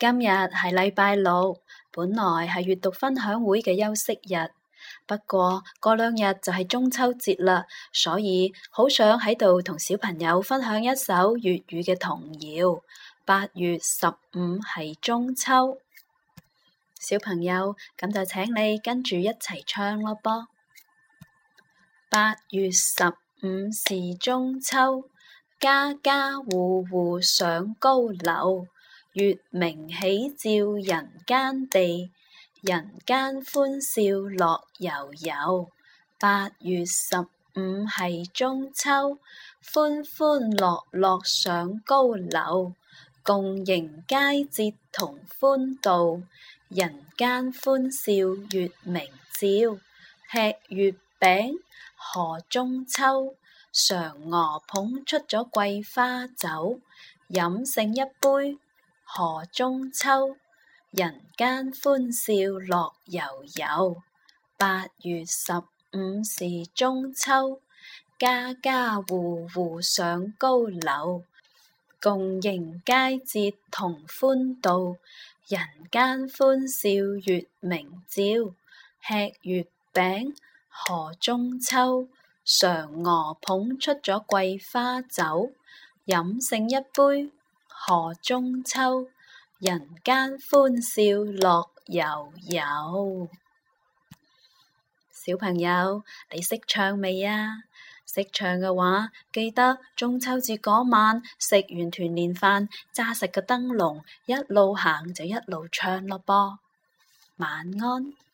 今日係禮拜六，本來係閱讀分享會嘅休息日，不過過兩日就係中秋節啦，所以好想喺度同小朋友分享一首粵語嘅童謠。八月十五係中秋，小朋友咁就請你跟住一齊唱咯，噃！八月十五是中秋，家家戶戶上高樓。月明起照人間地，人間歡笑樂悠悠。八月十五係中秋，歡歡樂樂上高樓，共迎佳節同歡度。人間歡笑月明照，吃月餅賀中秋，嫦娥捧出咗桂花酒，飲剩一杯。賀中秋，人間歡笑樂悠悠。八月十五是中秋，家家戶戶上高樓，共迎佳節同歡度。人間歡笑月明照，吃月餅，賀中秋，嫦娥捧出咗桂花酒，飲勝一杯。賀中秋，人間歡笑樂悠悠。小朋友，你識唱未啊？識唱嘅話，記得中秋節嗰晚食完團年飯，揸實個燈籠，一路行就一路唱咯噃。晚安。